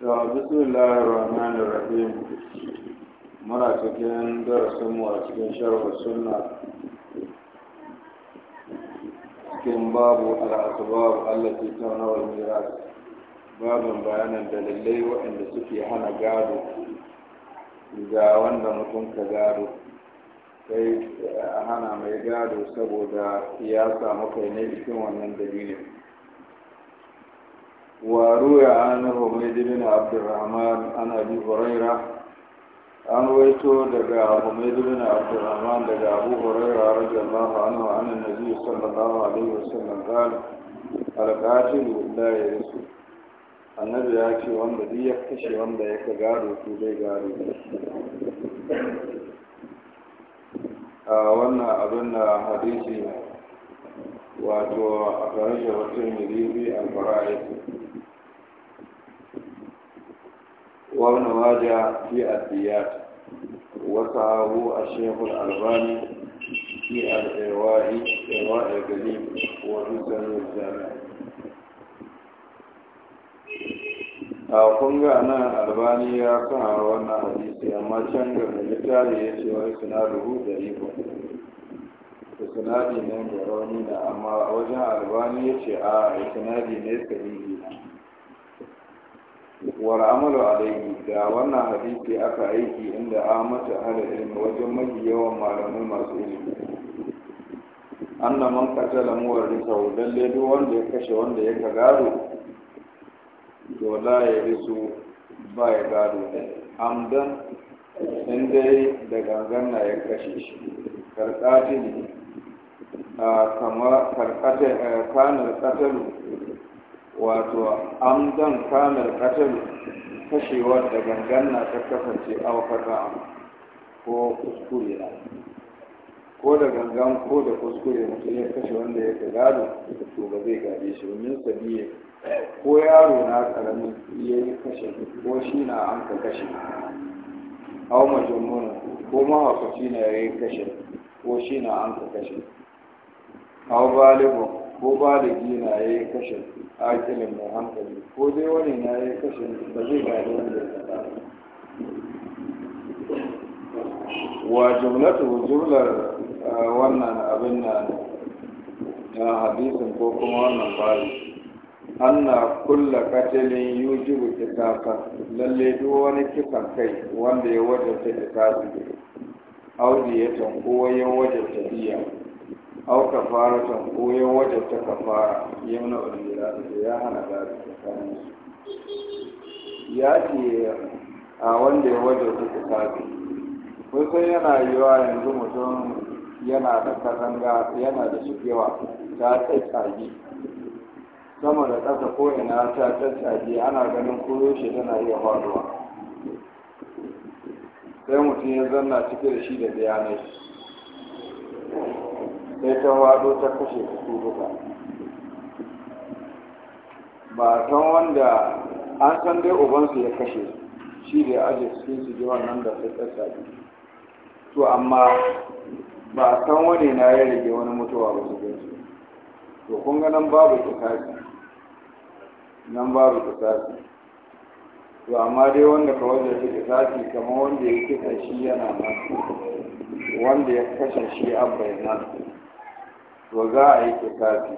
بسم الله الرحمن الرحيم muna cikin darasinmu a cikin sharhar sunna cikin babu al'asbab allati tanawal miras babin bayanan dalilai waɗanda suke hana gado ga wanda mutum ka gado sai a hana mai gado saboda ya samu kai ne cikin wannan dalilin وروي عنه حميد بن عبد الرحمن عن أبي هريرة an waito daga Humayd bin Abdurrahman daga Abu Hurairah radiyallahu anhu an annabi sallallahu alaihi wasallam qala al-qatil la yasu annabi ya ce wanda duk ya kashe wanda ya ka gado to zai gado a wannan abin na hadisi ne wato a ƙarshe mutum milibi alfara'i wani waja fi addiyat wata abu a shekul albani fi al'irwa'i irwa'i gani wani sanin jami'a a kunga nan albani ya kan wannan hadisi amma can ga littafi ya ce wani sinadaru da ikon itinadi ne mai rauni na amma wajen albani ya ce a itinadi ne sahihi war amalu alaihi da wannan hadisi aka aiki inda amata ilimi wajen mafi yawan malamai masu ilimi anna man qatala muwarrisa lalle duk wanda ya kashe wanda ya gado to la ya risu ba ya gado ne amdan in dai da gangan na ya kashe shi karkatili kama kanar katalu wato amdan kanar katalu kashewar da gangan na ta kasance aukaka ko kuskure na ko da gangan ko da kuskure mutum ya kashe wanda ya gado to ba zai gaje shi domin sabiye ko yaro na karami ya yi kashe ko shi na an ka kashe hau majamuna ko mahaukaci na ya yi kashe ko shi na an ka kashe aw balibu ko baligi na ya yi kashe akilin mai hankali ko dai wani na ya yi kashe ba zai gane wanda ya faɗa wa jumlatu jumlar wannan abin na hadisin ko kuma wannan bari anna kulla katilin yujibu kitasa lalle duk wani kisan kai wanda ya wajabta kitasa audiyatan ko ya wajen tafiya. au kafaratan ko ya wajabta يمنع yamna يا هنا hana كان tsakanin ya ce a wanda ya wajabta yana yiwa yanzu mutum yana da katanga yana da shigewa ta tsaitsage sama da ƙasa ko ina ta tsatsage ana ganin koyaushe tana iya faruwa sai mutum ya zanna cike da shi da bayanai sai ta wado ta kashe su duka ba san wanda an san dai ubansu ya kashe shi da ya aje cikin su ji wannan da sai tsarsa to amma ba san wani na ya rage wani mutuwa ba su gaisu to kun ga nan babu kisasi nan babu kisasi to amma dai wanda ka wajen shi kisasi kamar wanda ya kisa shi yana nan wanda ya kashe shi abba nan to za a yi kitafi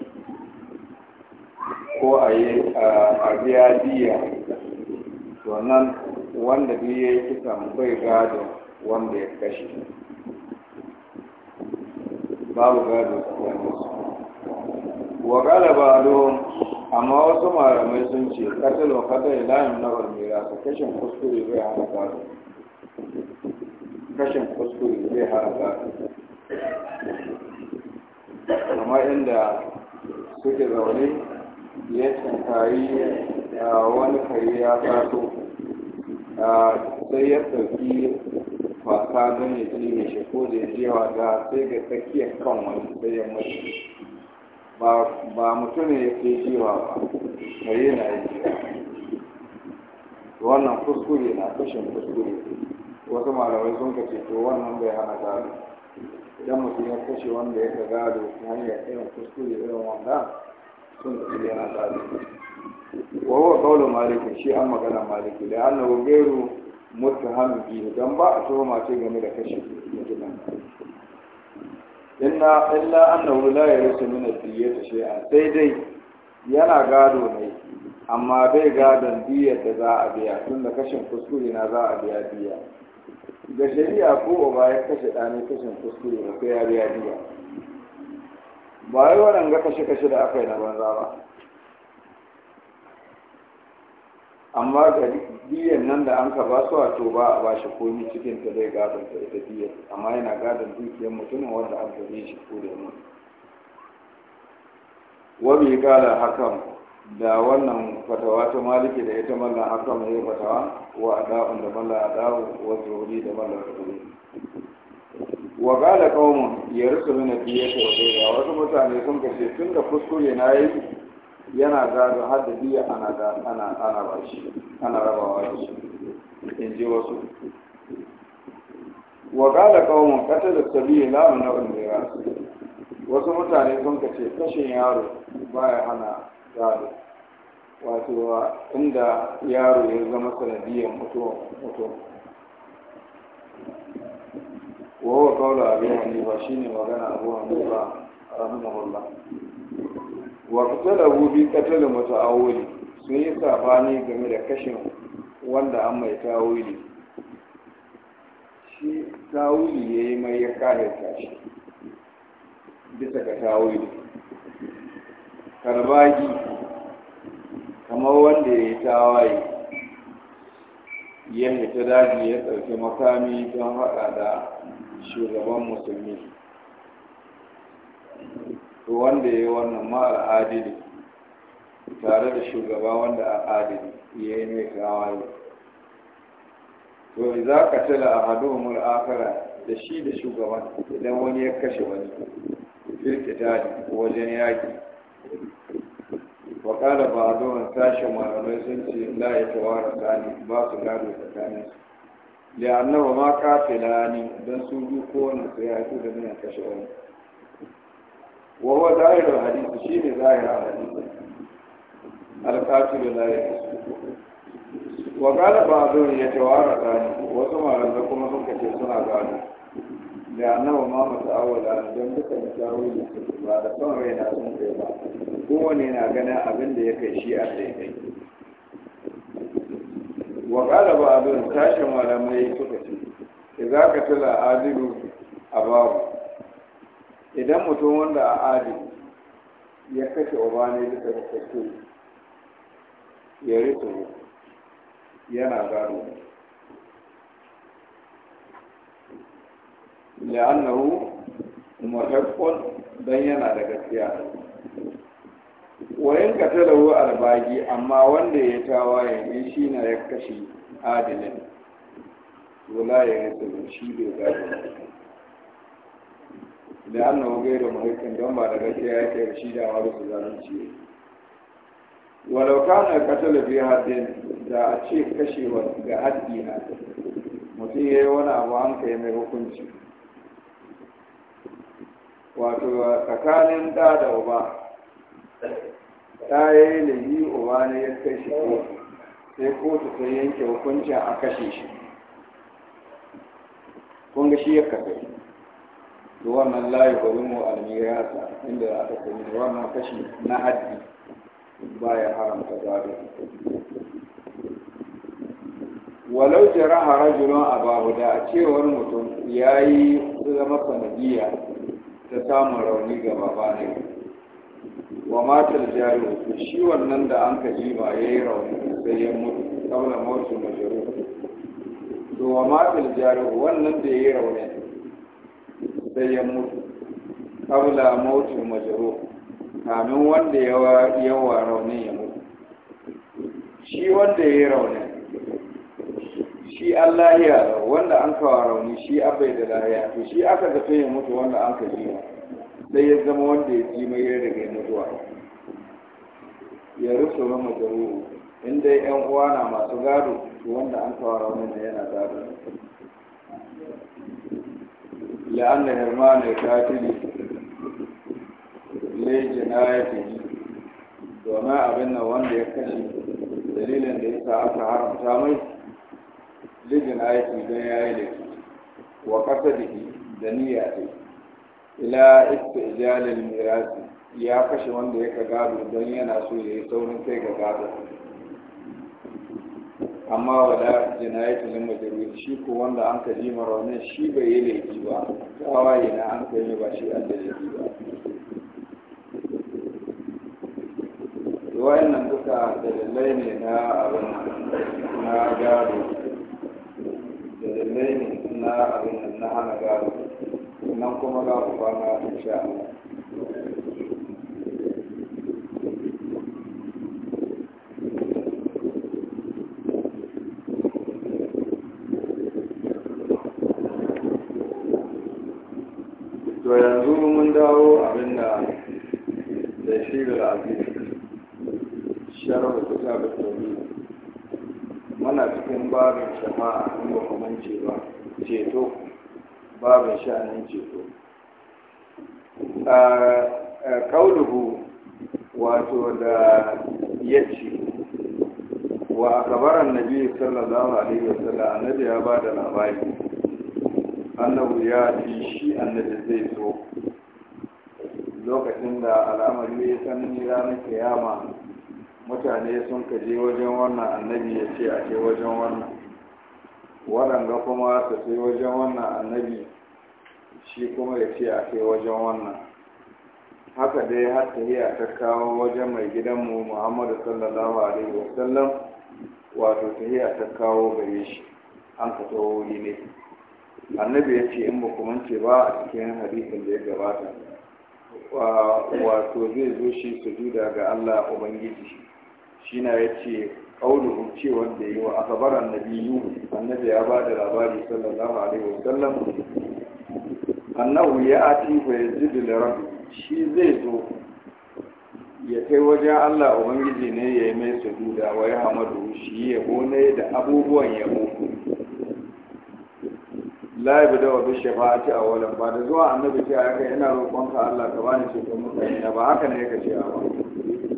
ko a yi a biya biya to nan wanda duk ya yi kisan bai gado wanda ya kashe babu gado su wa galaba don amma wasu malamai sun ce kasar wa katil layin na barmira su kashin kuskure zai hana gado kashin kuskure zai hana gado kamar inda suke zaune ya a wani kare ya a sai ya ɗauki wasa don ya ci shi ko da ya je ga sai ga tsakiyar kan wani sai ya mutu ba mutum ne ya ke jiwa ba kare na yi wannan kuskure na kashin kuskure wasu malamai sun kace to wannan bai hana gari idan mutum ya kashe wanda ya ga gado ta hanyar irin kuskure irin wanda sun da yana gado wa wa qawlu maliki shi an magana maliki da gero mutu hannu biyu, don ba a tuhuma mace game da kashe mutum inna illa annahu la yarisu min ad-diyyati shay'an sai dai yana gado ne amma bai gadon diyar da za a biya tunda kashin kuskure na za a biya biya ga shari'a ko ba ya kashe ɗani kashin kuskure ba ko ya biya ba yi wannan ga kashe kashe da aka yi na banza ba amma ga biyan nan da an ka ba su wato ba a bashi komi cikin ta zai gadon ta ita biyan, amma yana gadon dukiyar mutumin wanda an gare shi ko da mu wabi gada hakan da wannan fatawa ta maliki da ita mallan hakan mai fatawa wa ada'un da mallan ada'u wa zuhuri da mallan zuhuri wa ya rusu yarsu biye diyati wa ya wasu mutane sun kace tun da kuskure na yi yana gado har da biya ana ana ana shi ana rabawa shi in ji wasu wa qala qaumun da sabila la na'ul miras wasu mutane sun kace kashin yaro baya hana gado wato inda yaro ya zama sanadiyar mutuwa wawa kaula abu ba shi ne magana abu hanifa rahimahullah wa kusa bi katalin wuri sun yi sabani game da kashin wanda an mai wuri shi wuri ya yi mai ya kahirta shi bisa ga wuri karbagi kamar wanda ya yi tawaye ya ta daji ya ɗauki makami don haɗa da shugaban musulmi to wanda ya yi wannan ma al'adili tare da shugaba wanda al'adili ya yi mai tawaye to za ka tala a wa murakara da shi da shugaban idan wani ya kashe wani firkita wajen yaki. wa ba a zuwan sashen malamai sun ce la ya tawara tsani ba su gado tsakanin su da annaba ma kafila ne don su bi kowane su ya haifu da nuna kashe wani wa huwa zahirar hadisi shi ne zahirar hadisi alƙatilu la ya wa kala ba a zuwan ya tawara tsani wasu malamai kuma sun kace suna gado da nawa ma masu awala don duka misali da su ba da son rai na sun kai ba kowane na ganin abin da ya kai shi a daidai wa ƙara ba abin tashin malamai suka ce za ka tula adilu a babu idan mutum wanda a adilu ya kashe uba ne duka da kasu ya rito yana gano li'annahu muhaqqun dan yana da gaskiya wayan katalahu albagi amma wanda ya ya ne shi na ya kashe adilin Wula ya rasa shi bai gado da annahu gai da muhaqqin don ba da gaskiya yake da shi da wani zalunci walau kana katala fi haddin da a ce kashewa ga haddi na mutum ya yi wani abu an kai mai hukunci wato tsakanin da da uba ta yi lahi uba ne ya kai shi kotu sai kotu ta yanke hukuncin a kashe shi kun ga shi ya kafe da wannan layi gwalimu almirasa inda aka sami da nan kashi na haddi ba ya haramta zaɓe. walau jaraha a abahu da a cewar mutum ya yi zama sanadiyya ta samun rauni ga baba ne wa matar jaro shi wannan da an kaji ba ya yi rauni sai ya mutu kaula mawacin majaru to wa matar jaro wannan da ya yi rauni sai ya mutu kaula mawacin majaru kamin wanda yawa rauni ya mutu shi wanda ya yi raunin shi an lahiya wanda an kawo rauni shi bai da lahiya to shi aka ga ya mutu wanda an ka ji sai ya zama wanda ya ji mai daga ya mutuwa ya rufe ma majaru in dai yan uwa na masu gado to wanda an kawo rauni da yana gado la'anna hermana ya ne lejina ya fi domin abin nan wanda ya kashe dalilin da ya sa aka haramta mai lijin aiki don ya yi laifi wa kasa da niyya ce ila ijalin mirasi ya kashe wanda ya ka gado don yana so ya yi saurin kai ga gado amma wala jinayatul majrur shi ko wanda an ka jima raunin shi bai yi laifi ba tawaye na an ka yi ba shi an da laifi ba wayannan duka dalilai ne na abin na gado dalilai ne na abin na hana gado nan kuma ga ku kwana insha Allah ce ba ceto babin sha'anin ceto a kauluhu wato da ya ce wa a kabaran nabi sallallahu alaihi wasallam annabi ya ba da labari Annabi ya fi shi annabi zai so lokacin da al'amari ya sanin ranar kiyama mutane sun kaje wajen wannan annabi ya ce a ke wajen wannan waɗanda kuma su sai wajen wannan annabi shi kuma ya ce a kai wajen wannan haka dai har a ta kawo wajen mai gidanmu muhammadu sallallahu alaihi wasallam wato a ta kawo gare shi an ka wuri ne annabi ya ce in ba kuma ce ba a cikin hadisin da ya gabata wato zai zo shi sujuda ga allah ubangiji shi na ya ce kauluhu ce wanda yi a sabarar nabi yi annabi ya ba da labari sallallahu alaihi wasallam annahu ya ati fa yajidu li shi zai zo ya kai wajen Allah ubangiji ne ya yi mai sujuda wa ya hamadu shi ya gone da abubuwan ya go la yabda wa bi shafa'ati awalan ba da zuwa annabi ce aka yana roƙon ka Allah ka bani shi don mutane ba haka ne yake cewa ba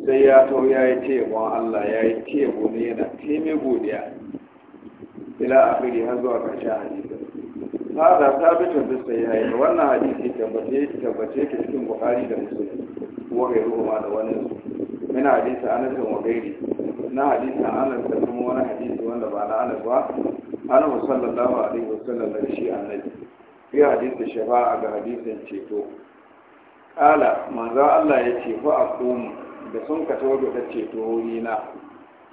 sai ya tau ya yi taimakon Allah ya yi tebo ne yana teme godiya ila firi har zuwa ƙarshen hadisi hada ta da sai ya yi wannan hadisi tabbace tabbace ki cikin buhari da kuma wa yi kuma da wannan su mina hadisi anas wa gairi na hadisi anas da kuma wani hadisi wanda ba na anas ba ana a alaihi musallar da shi annabi fi hadisi shafa'a ga hadisin ceto Ma manzo Allah ya ce fa aqumu da sun ka tobe ta ceto wuri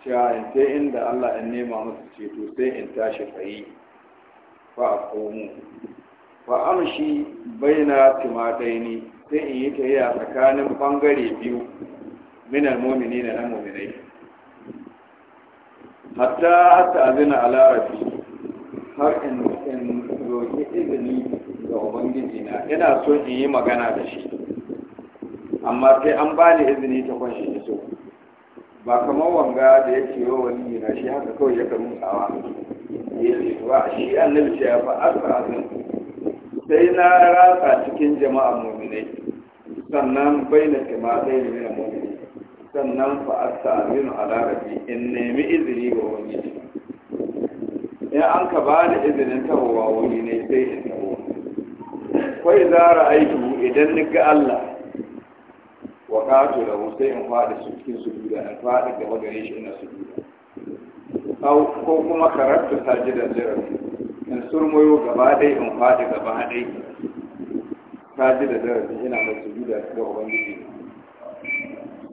cewa in sai inda Allah in nema musu ceto sai in tashi fayi fa a komo fa amshi baina timataini sai in yi a tsakanin bangare biyu minal mu'mini na na mu'minai hatta hatta azina ala har in roƙi izini ga ubangiji na ina so in yi magana da shi amma sai an ba ni izini ta kwanshi iso ba kamar wanga da ya ce wa wani na shi haka kawai ya karu tsawa ya ce ba shi annabi ce ya fa asasin sai na ratsa cikin jama'a muminai sannan bai na kima sai ne mina muminai sannan fa asasin alarabi in nemi izini ga wani in an ka ba da izinin tawowa wani ne sai in tawo kwai zara aiki idan ni ga Allah wa kato da sai in faɗi cikin sujuda in faɗi gaba gare shi ina sujuda ko kuma karatu sajidan zirafi in surmoyo gaba ɗai in faɗi gaba ɗai sajidan zirafi ina mai sujuda ga ubangiji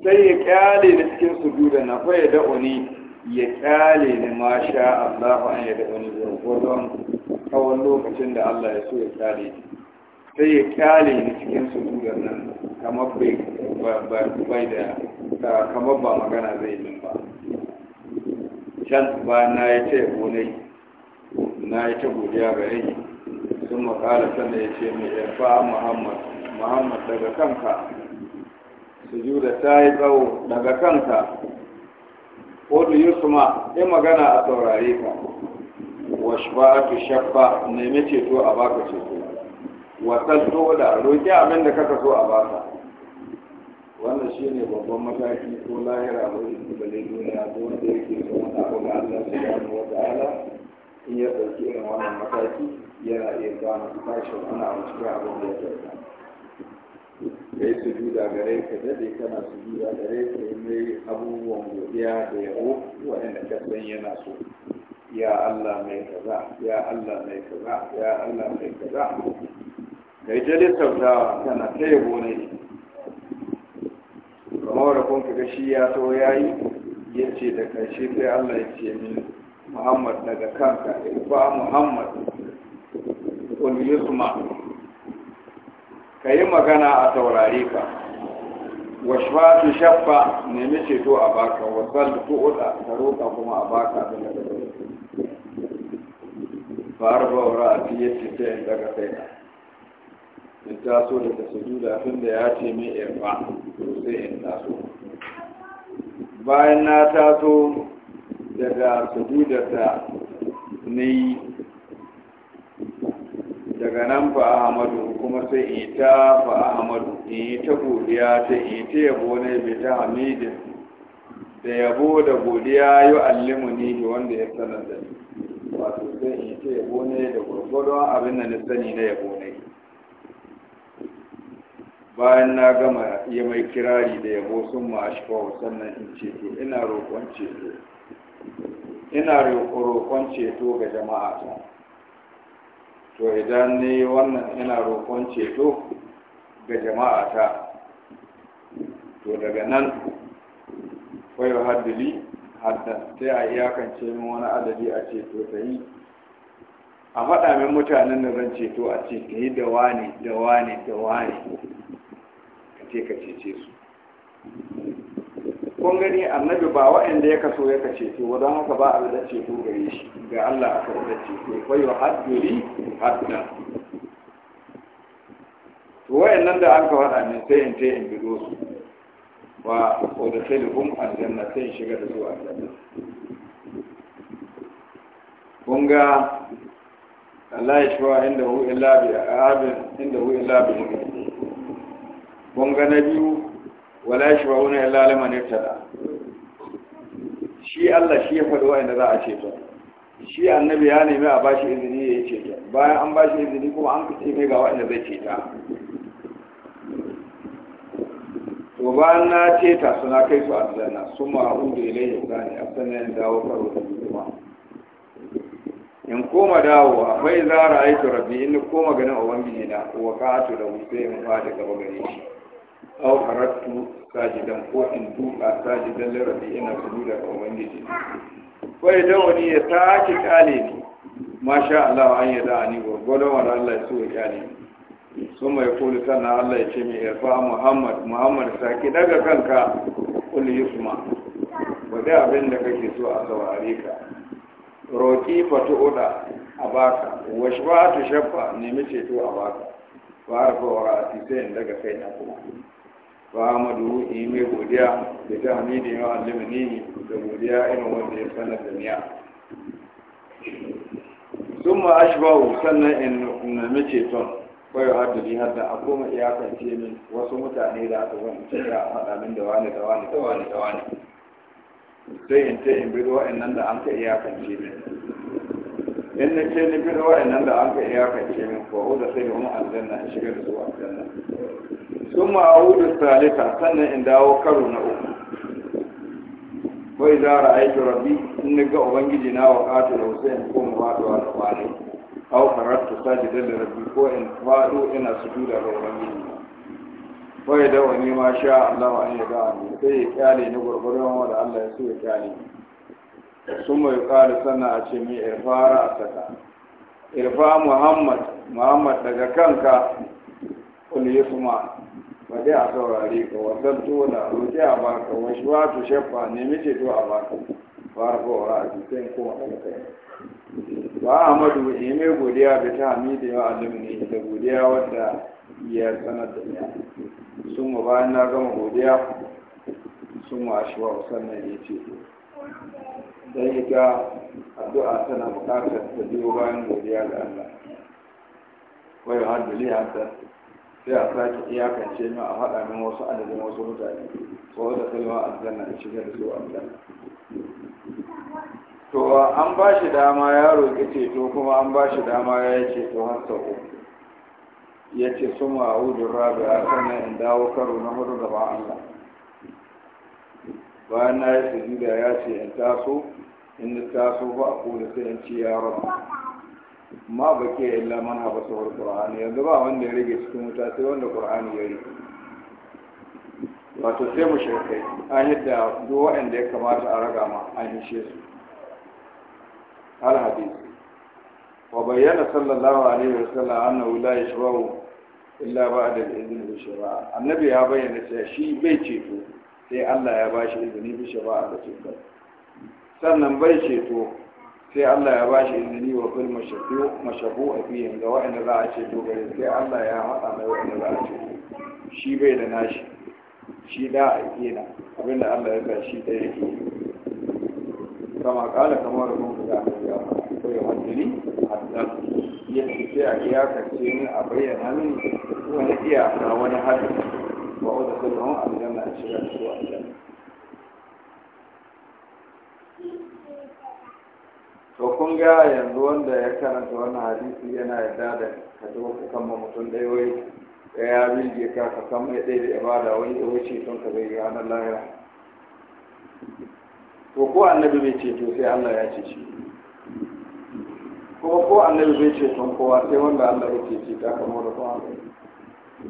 sai ya kyale ni cikin sujuda na fa ya ni ya kyale ni ma sha Allah an ya da'uni gurgurdon tsawon lokacin da Allah ya so ya kyale sai ya kyale ni cikin sujudar nan kamar bai bai da kamar ba magana zai yi ba can ba na ya ce gonai na ya ce godiya ga yi. sun makala sannan ya ce mai yarfa muhammad muhammad daga kanka da ta yi tsawo daga kanka Odu Yusuma, in magana a saurare ka, wa shafa'atu shafa nemi ceto a baka ceto, wa to da roƙi abin da kaka so a baka. wannan shi ne babban mataki ko lahira ko ibale duniya ko wanda yake so da abu ga Allah subhanahu wa ta'ala in ya ɗauki irin wannan mataki yana iya gano tashin ana a cikin abin da ya ka kai su juda gare ka daɗe kana su juda gare ka yi mai abubuwan godiya da yabo waɗanda ka san yana so ya Allah mai kaza ya Allah mai kaza ya Allah mai kaza kai jalisar da kana ta yabo ne abubuwa da kun kaga shi ya so ya yi ya ce da karshe sai Allah ya ce min Muhammad daga kanka ba Muhammad wani yusma ka yi magana a taurare ka wa shafatu ne nemi ceto a baka wa sallu tu'uda ka kuma a baka da daga farfa a ti yace sai daga sai in taso daga sujuda tun da ya ce mai irfa sai in taso bayan na taso daga sujuda ta ne daga nan fa ahmadu kuma sai in ta fa ahmadu in yi ta godiya ta in ta yabo ne bai ta hamidin da yabo da godiya yi allimu ne wanda ya sanar da ni wato sai in ta yabo ne da gwargwadon abin da na sani na yabo bayan na gama ya mai kirari da yabo sun ma sannan in ceto ina roƙon ceto ina roƙon ceto ga jama'a ta to idan ne wannan ina roƙon ceto ga jama'a ta to daga nan kwayo haddili haddan sai a iyakance min wani adadi a ceto ta yi a faɗa min mutanen da zan ceto a ce ta yi da wani da wani da wani sai ka cece su kun gani annabi ba waɗanda ya kaso ya kace ce wa don haka ba a da ceto gare shi ga Allah aka da ceto wai wa hadduri hadda to waɗannan da aka faɗa ne sai in tai in bido su wa ko da salihum aljanna sai in shiga da su aljanna kun ga Allah ya shi wa inda hu illa bi abin inda hu illa bi kun ga na biyu wala shi wa'una illa liman da. shi Allah shi ya faɗi wa'anda za a ceto shi annabi ya nemi a bashi izini ya yi ceto bayan an bashi izini kuma an kace mai ga wa'anda zai ceta to bayan na ta suna kai su aljanna sun ma'udu ilayhi gani a sanin dawo karo da kuma in koma dawo akwai zara aiki rabbi in koma ganin ubangiji na wa ka'atu da wuce in fa da gaba shi aw harattu sajidan ko in duka sajidan lirabi ina sujuda ga ubangiji ko idan wani ya sake kale ni masha Allah an yada ani gurgurdan wani Allah ya so ya ni sun mai kulu sannan Allah ya ce mai yarfa Muhammad Muhammad sake daga kanka kullu yusma ba da abin da kake so a saurare ka roƙi fatu oda a baka wasu ba ta shafa nemi ceto a baka ba harfa wa a daga kai na kuma فأمدوا amadu yi mai godiya da ta hamidi سنة alimini da godiya irin wanda ya sanar da ma sannan in nemi ceton bayo haddali hadda a koma iyakance min wasu mutane da aka wani cika a haɗamin da wani da wani da wani da wani sai in ce in da an ka iyakance min in na ce ni da an ka iyakance min ko da sai mu aljanna in shiga da su aljanna ثم أعود salita sannan in dawo karo na uku wai za a aiki rabbi in ni ga ubangiji na wa da hussein ko mu faɗo a tsabani au faratu sajidan da rabbi ko in faɗo ina wai da wani ma sha Allah wa ya ga sai ya kyale ni gurgurun wanda Allah ya so ya kyale sun mai a ce a saka irfa muhammad muhammad daga kanka kuli bade a saurare ka wasan tona roƙi a baka wasu wato shafa nemi to a baka farko a jikin ko a kai ba amadu madu mai godiya da ta hamida ya alimni da godiya wadda ya sanar da ya sun ma bayan na gama godiya sun mu wa sannan ya ce yi ita addu'a tana buƙatar ta biyo bayan godiya ga Allah wai haddali haddasa sai a sake iyakance min a haɗa min wasu adadin wasu mutane ko da kaiwa aljanna da shigar a aljanna to an ba shi dama ya roƙi to kuma an ba shi dama ya ce to har sau uku ya ce sun ma'udin rabi a sannan in dawo karo na hudu gaba Allah bayan na yi sujuda ya ce in taso in ni taso ba a kone sai in ci ya rabu ma ba ke illa man haba tsohon ƙur'ani yanzu ba wanda ya rage cikin wuta sai wanda ƙur'ani ya rike wato sai mu shirkai an yadda duk waɗanda ya kamata a raga ma an hishe su alhadis wa bayyana sallallahu alaihi wa sallam anna la yashba'u illa ba'da al-idhn bi shara'a annabi ya bayyana cewa shi bai ceto sai Allah ya bashi izini bi shara'a da ceto sannan bai ceto sai Allah ya bashi izini wa fil mashahu a fiye ga wa'anda za a ce dogare sai Allah ya haɗa mai wa'anda za a ce shi bai da nashi shi da a kena abinda Allah ya sa shi da yake kama kala kamar mun ga ya ko ya hadiri hadda ya ce sai a iya kace ni a bayyana min wani iyaka wani hadiri wa'udu kullum aljanna a shiga su aljanna to kun ga yanzu wanda ya karanta wannan hadisi yana yarda da ka zo ka kama mutum ɗaya wai ka ya bilge ka ka kama ya ɗaya da ibada wani da wuce tun ka zai ranar lahira to ko annabi bai ceto sai Allah ya ce shi kuma ko annabi bai ceton kowa sai wanda Allah ya shi ta kamo da kowa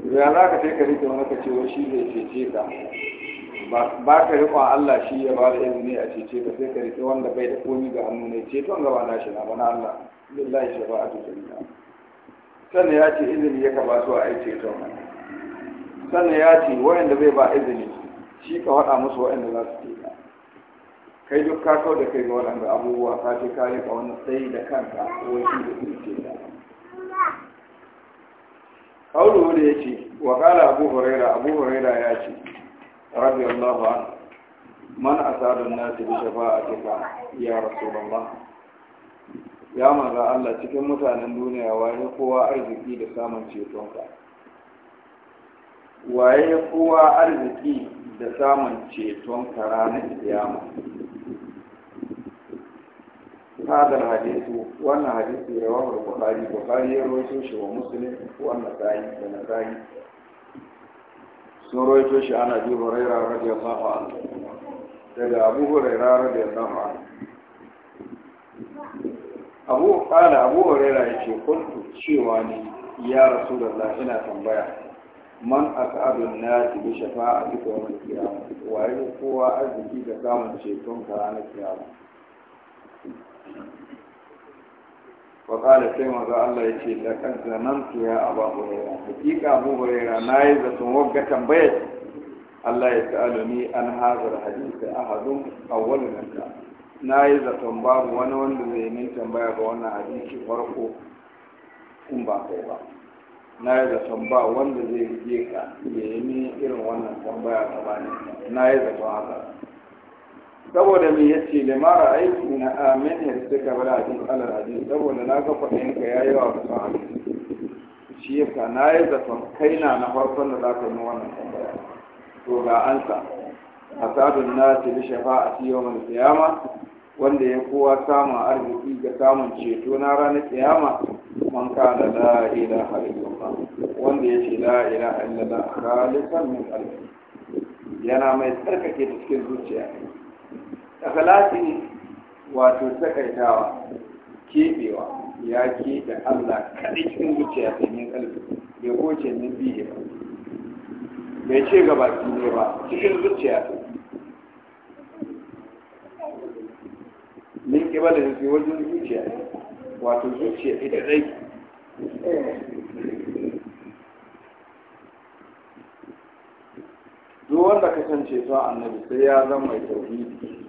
ya za ka sai ka rike wani ka ce wa shi zai ce ka ba ka riƙon Allah shi ya ba da izini a ce ka sai ka riƙe wanda bai da komi ga hannu ne ceton gaba na na bana Allah lillahi shafa'atu jami'a sannan ya ce izini ya ba su a yi ceton sannan ya ce wayanda bai ba izini shi ka faɗa musu wayanda za su ce kai duk ka kau da kai ga waɗanda abubuwa ka ce ka riƙa wani tsayi da kanka ko shi da kuma ce ta kawo da ya ce wa ƙala abu huraira abu huraira ya ce رضي الله عنه من أسعد الناس بشفاعتك يا رسول الله ya maza Allah cikin mutanen duniya waye kowa arziki da samun cetonka waye kowa arziki da samun cetonka ranar kiyama hadar hadisu wannan hadisu rawahu bukhari bukhari ya rawaito shi wa muslim wannan sa'i da nasa'i sun roito shi ana bi huraira radiyallahu anhu daga abu huraira radiyallahu anhu abu kana abu huraira ce kuntu cewa ne ya rasu rasulullah ina tambaya man as'abun nasi bi shafa'ati yawm al-qiyamah waye kowa arziki da samun ceton ka ranar kiyama faƙala sai maza Allah ya ce da kan zanantu ya abu hurera hakika abu hurera na yi zaton wagga tambayar Allah ya ta'alu ni an hazar hadisi ahadun awwalun nan na yi zaton babu wani wanda zai min tambaya ga wannan hadisi farko in ba kai ba na yi zaton ba wanda zai rige ka ya yi min irin wannan tambaya ta bani na yi zaton haka saboda me yace da mara aiki na amin ya suka bar hadis alal hadis saboda na ga fadin ka yayi wa ka shi ya ka na yi zaton kaina na farkon da za ka yi wannan tambaya to ga an sa, a ansa na nasi bi shafa'ati mai tsayama, wanda ya kowa samun arziki ga samun ceto na ranar kiyama man da la halittun ba, wanda yace la ilaha illallah min yana mai tsarkake cikin zuciya ikhlasi wato takaitawa kebewa ya ke da Allah kaɗai cikin zuciya sanyin kalbi bai koce nan biye ba bai ce ga baki ne ba cikin zuciya min kiba da zuciya wajen zuciya wato zuciya ita dai duk wanda kasance su annabi sai ya zama mai tauhidi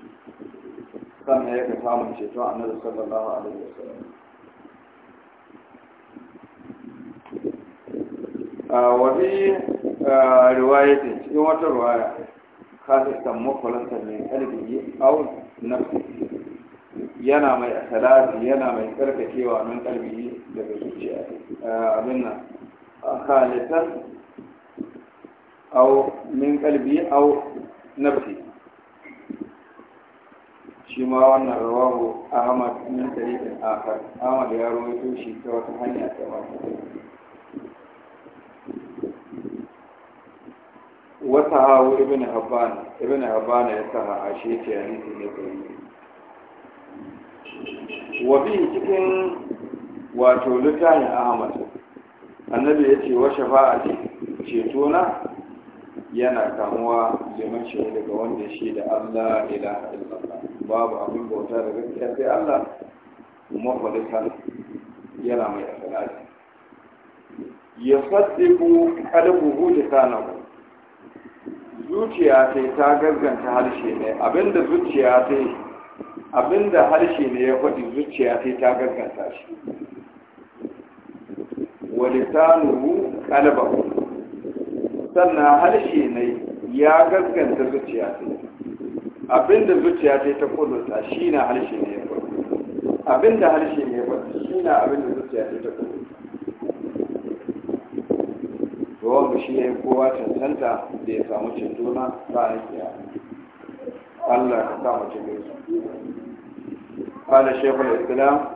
sannan ya ka samun ceton annabi sallallahu a wani wafi ce cikin wata riwaya kasar sammakwalansa mai kalbi au nafsi yana mai asalati yana mai tsarkakewa nan kalbi daga zuciya abin nan kalitan au min kalbi au nafsi shi ma wannan rawahu ahmad min tariqin akhar ahmad ya rawaito shi ta wata hanya ta wata wata hawo ibn habana ibn habana ya saha a shi ce hadisi ne kai yi bi cikin wato lutahin ahmad annabi ya ce wa shafa'ati ceto na yana kamuwa liman shi daga wanda shi da Allah ila illallah babu abin bauta da gaskiya sai Allah mafalikan yana mai asalari ya fassiku kalbuhu da sanahu zuciya sai ta garganta harshe ne abinda zuciya sai abinda harshe ne ya faɗi zuciya sai ta garganta shi walisanuhu kalbahu sannan harshe ne ya gaskanta zuciya sai. abinda zuciya ta ta kudurta shi na harshe ne ya faru. abinda harshe ne ya faru, shi na abinda zuciya ta ta kudurta ruwan shi ya yi kowa cancanta da ya samu cintona ba a yi Allah ka samu mace da su kada shekul islam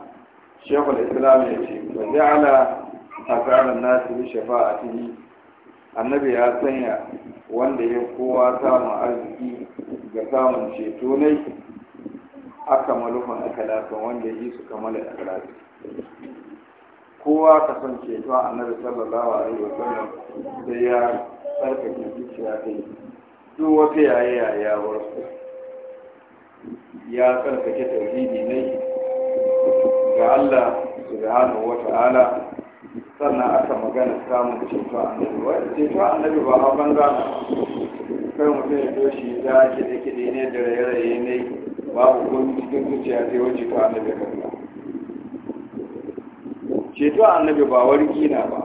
shekul islam ya ce ba ja'ala asarar nasu bi shafa'atihi annabi ya sanya wanda ya kowa samun arziki ga samun ceto ne aka malufan akalafin wanda yi su kamala da karatu kowa ka san ceto a annabi sallallahu alaihi wa sallam sai ya tsarkake zuciya ta yi duk wata yaye yaya su ya tsarkake tauhidi ne ga Allah subhanahu wa ta'ala sannan aka magana samun ceto a annabi wani ceto annabi ba a banza kai mutum ya toshi za a kiɗe-kiɗe ne da raye-raye ne babu kun cikin zuciya sai wace to annabi ka nuna ceto annabi ba wani gina ba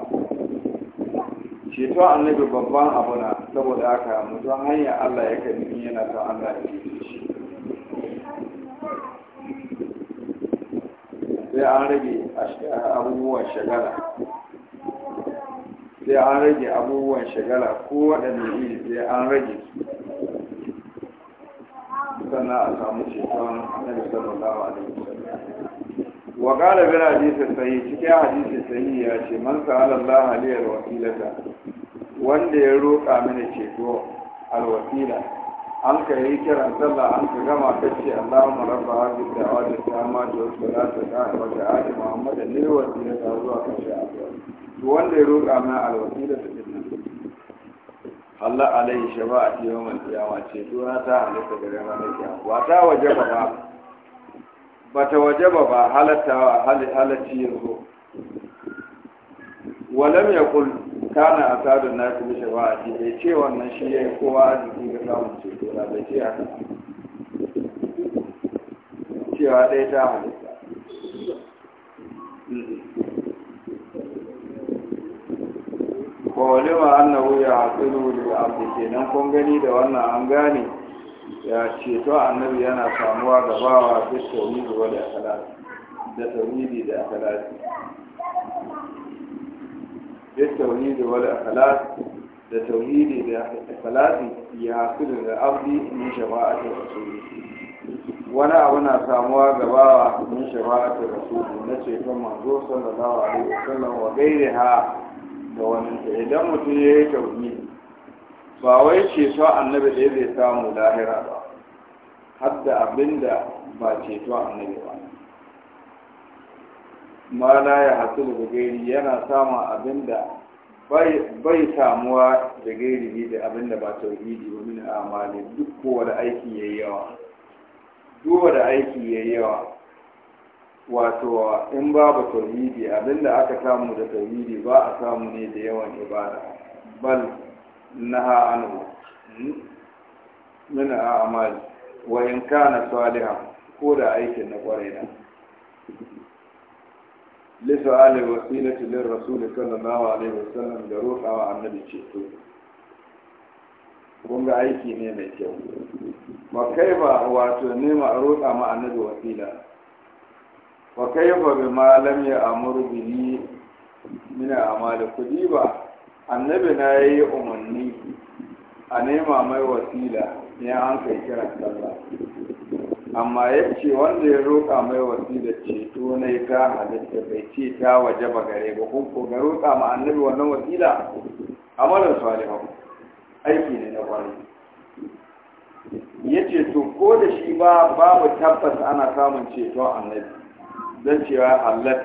ceto annabi babban abu na saboda haka mutum hanyar allah ya kan yana son allah ya ce shi sai an rage abubuwan shagala sai an rage abubuwan shagala ko waɗanda iri sai an rage su sannan a samu ceton annabi da alaihi da wa qala bin hadisi sai cikin hadisi sai ya ce man sa'ala Allah haliyar wakilata wanda ya roƙa mini ceto alwasila an ka yi kiran sallah an ka gama kace Allahumma rabba da da'wati tamma wa da qa'a wa ta'ala Muhammadan lil wasilata zuwa kashi addu'a wanda ya roƙa na alwasila ta jinnan Allah alaihi shafa'a yawmal qiyama ce na ta halitta garin da kiyama ba ta waje ba ba ta waje ba halatta halacci yanzu walam yaqul kana asadun nasu bi ce? bai ce wannan shi ya yi kowa arziki ga samun ceto bai ce a cewa ɗaya ta halitta wa walima annahu ya hasilu li abdi kenan kun gani da wannan an gane ya ceto annabi yana samuwa ga bawa fi tauhidi wa da akhlaqi da tauhidi da akhlaqi fi tauhidi wa da akhlaqi da tauhidi da akhlaqi ya hasilu li abdi min shafa'ati rasuli wani abu na samuwa ga bawa min shafa'ati rasuli na ceton manzo sallallahu alaihi wasallam wa ha. da wani idan mutum ya yi tauhidi ba wai ceto annabi da zai samu lahira ba har da abin da ba ceto annabi ba ma la ya hasu da gairi yana samun abin da bai samuwa da gairi da abin da ba tauhidi ba min amali duk da aiki ya yawa aiki yayi yawa wato in babu tauhidi abinda aka samu da tauhidi ba a samu ne da yawan ibada bal naha anhu min a'mal wa in kana salihan ko da aikin na kwarai na lisa'ali wasilati lir rasul sallallahu alaihi wasallam da ruhawa annabi ceto kun ga aiki ne mai kyau ba kai ba wato ne ma roƙa ma annabi wasila wa bi bima lam ya'muru bihi min a'mali kudiba annabi na yi umarni a nema mai wasila ya an kai kiran sallah amma ya ce wanda ya roƙa mai wasila ceto na yi ta halitta bai ce ta waje ba gare ba kun ko ga roƙa ma annabi wannan wasila amalan salihu aiki ne na kwari ya ce to ko da shi ba babu tabbas ana samun ceton annabi don cewa Allah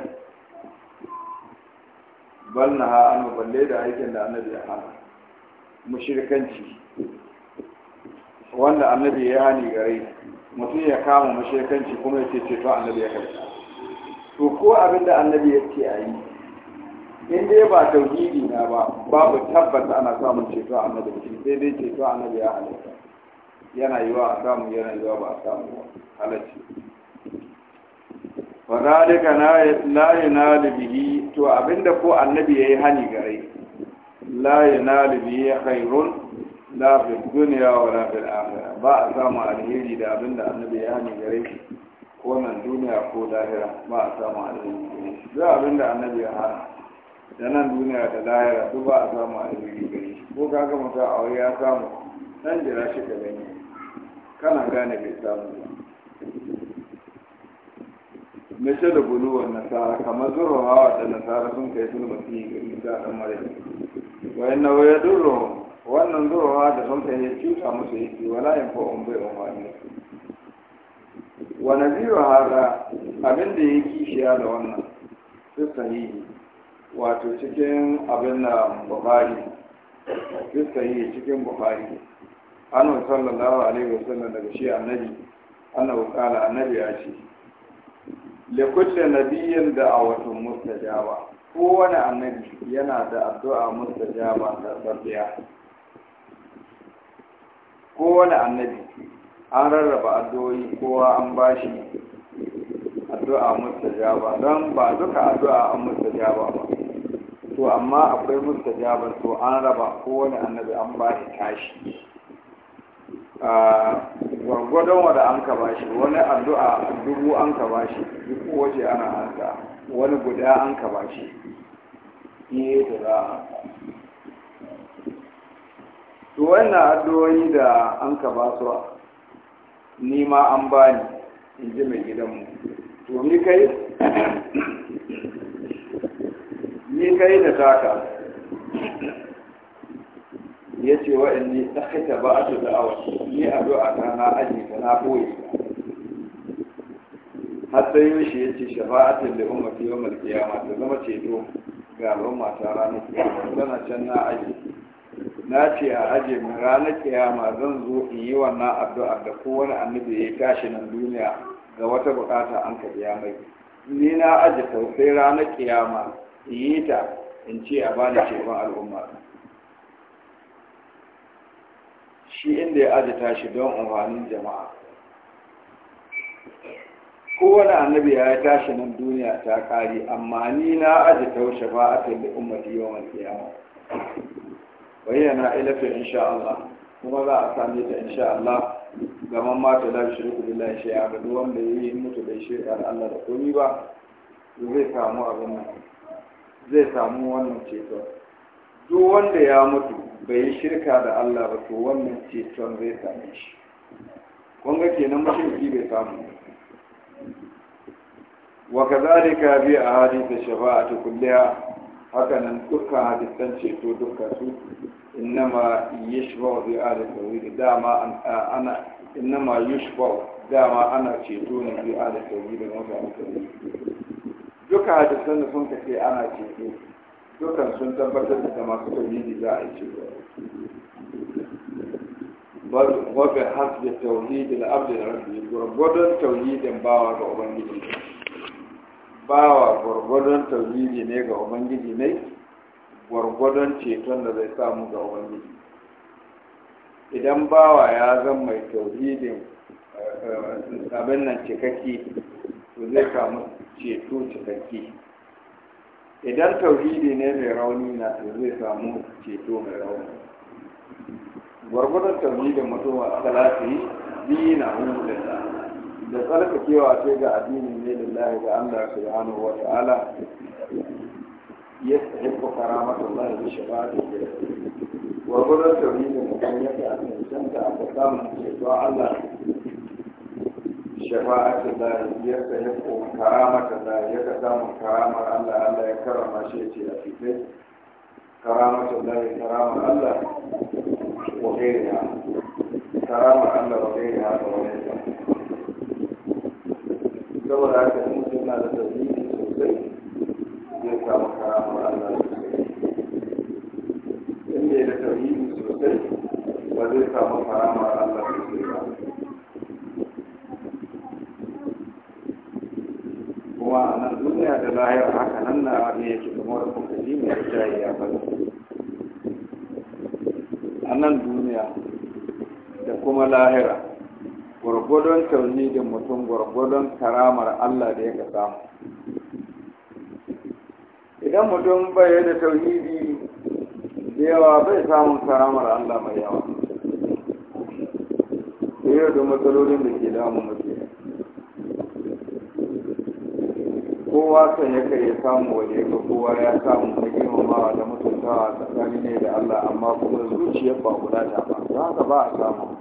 bal na ha an balle da aikin da annabi ya hana mushirkanci wanda annabi ya hani gare mutum ya kama mushirkanci kuma ya ce ceto annabi ya karɓa to ko abin da annabi ya ce a yi in dai ba tauhidi na ba babu tabbata ana samun ceto annabi sai dai ceto annabi ya halatta yana yiwa a samu yana yiwa ba a samu halacci fa la yanalu bihi to abinda ko annabi yayi hani gare la yanalu bihi khairun la fi dunya wa la fil akhirah ba a samu alheri da abinda annabi yayi hani gare shi ko nan duniya ko lahira ba a samu alheri da abinda annabi ya hana da nan duniya da lahira duk ba a samu alheri gare shi ko kaga mutum a wai ya samu nan jira shi ka ne kana gane bai samu ba mace da buluwar nasara kamar zurrawa da nasara sun kai sun mafi ga isa dan maryam wayan na waya durro wannan zurrawa da sun kai ya cuta musu yake wala yin fa'un bai amfani wa naziru hada abin da ya kishiya da wannan su sahihi wato cikin abin da bukhari su sahihi cikin bukhari annabi sallallahu alaihi wasallam daga shi annabi annabi kala annabi ya ce likulli nabiyyin da a watan mustajaba kowane annabi yana da addu'a mustajaba da tsabiya kowane annabi an rarraba addu'o'i kowa an bashi addu'a mustajaba don ba duka addu'a an mustajaba ba to amma akwai mustajaba to an raba kowane annabi an bashi tashi gwargwadon wanda an ka bashi wani addu'a dubu an ka bashi duk waje ana hanta wani guda an ka ba shi iya da za a to wannan addu'o'i da an ka ba su ni ma an ni in ji mai gidanmu to ni kai ni kai da taka ya ce wa'in ni ta haita ba a da awa ni addu'a ta na aji ta na ɓoye hatta yi yaushe ya ce shafa'atin da umar fi yawmal qiyama ta zama ceto ga al'umma ta ranar kiyama zana can na aji na ce a aji mai ranar kiyama zan zo in yi wannan addu'ar da kowane annabi ya tashi nan duniya ga wata bukata an ka biya mai ni na aji sai ranar kiyama in yi ta in ce a bani ceton al'umma shi inda ya aji tashi don amfanin jama'a kowane annabi ya tashi nan duniya ta kari amma ni na aji taushe ba a tabi ummati yawan kiyama bayyana ilafin insha Allah kuma za a sami ta insha Allah gaman mata da shirku billahi shay'a ga duk wanda yayi mutu da shi da Allah da komai ba zai samu abin nan zai samu wannan ceton duk wanda ya mutu bai yi shirka da Allah ba to wannan ceton zai same shi kun ga kenan mushriki bai samu ba wa kazalika bi ahadith ash-shafa'ati kulliha haka nan dukkan hadisan ceto dukkan su innama yashfa'u bi ahli tawhid dama ana innama yashfa'u dama ana ceto ne bi ahli tawhid da mutane dukkan hadisan da sun kace ana ceto dukkan sun tabbatar da masu tauhidi za a yi ceto wa bi hasbi tawhid al-abd rabbi gurgudan tauhidin bawa ga ubangiji bawa gwargwadon tauhidi ne ga ubangiji ne gwargwadon ceton da zai samu ga ubangiji idan bawa ya zan mai tauhidin eh, abin nan cikakki to zai samu ceto cikakki idan tauhidi ne mai rauni na to zai samu ceto mai rauni gwargwadon tauhidin mutum a salati biyu na hudu da da tsarkakewa ce ga addini ne lillahi ga Allah subhanahu wa ta'ala ya tsahibu karamatullahi bi shabati gwargwadon tauhidi mutum ya ta cancanta da samun ceto Allah shafa'ati da ya tsahibu karamata da ya ka samun karamar Allah Allah ya karama shi ce a fitai karamatu da ya karamar Allah wa gairiya karamar Allah wa gairiya da wani saboda haka in mutum na da tasiri sosai zai samu karamar Allah sosai in bai da tasiri sosai ba zai samu karamar Allah sosai ba kuma a nan duniya da lahira haka nan na abin yake kamar kuka ji mai jayi ya bari a nan duniya da kuma lahira gwargwadon tauhidi mutum gwargwadon karamar Allah da ya samu idan mutum bai da tauhidi da yawa bai samun karamar Allah mai yawa da yau da matsalolin da ke damu mutum kowa san ya kai samu waje ga kowa ya samu na girmamawa da mutuntawa tsakani ne da Allah amma kuma zuciyar ba guda ta ba za ka ba a samu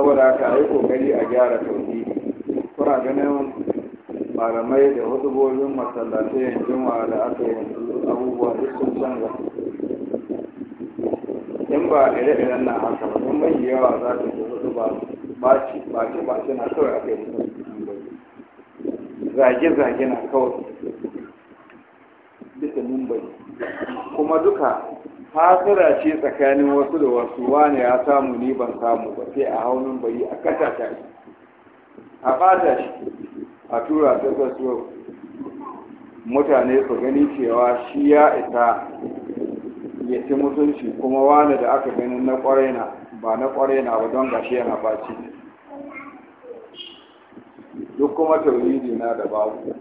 saboda haka a yi kokari a gyara tauhidi kuna ganin malamai da hudubobin masallatai yanzu da aka yi abubuwa duk sun canza in ba ire-iren na haka ba don mai yawa za ta ji hudu ba baci baci baci na kawai aka yi zage-zage na kawai bisa mimbari kuma duka fasira ce tsakanin wasu da wasu wani ya samu ni ban samu ba sai a haunin bayi a kata ta shi a fata shi a tura ta sassuwa mutane su gani cewa shi ya isa ya ci mutunci kuma wani da aka ganin na kwarena ba na kwarena ba don gashi yana baci duk kuma tauridi na da babu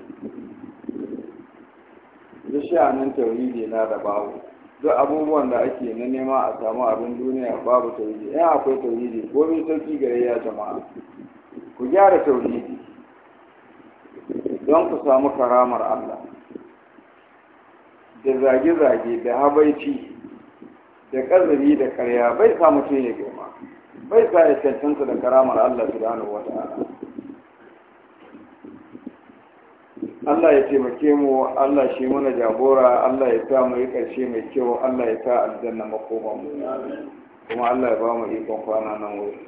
duk sha'anin tauridi na da babu duk abubuwan da ake na nema a samu abin duniya babu tauhidi in akwai tauhidi mai sauki gare ya jama'a ku gyara tauhidi don ku samu karamar Allah da zage-zage da habaici da kazari da karya bai sa mutum ya girma bai sa ya cancanta da karamar Allah subhanahu wa Allah ya taimake mu Allah shi muna jagora Allah ya sa mu yi ƙarshe mai kyau Allah ya sa aljanna makoma mu kuma Allah ya ba mu ikon kwana nan wuri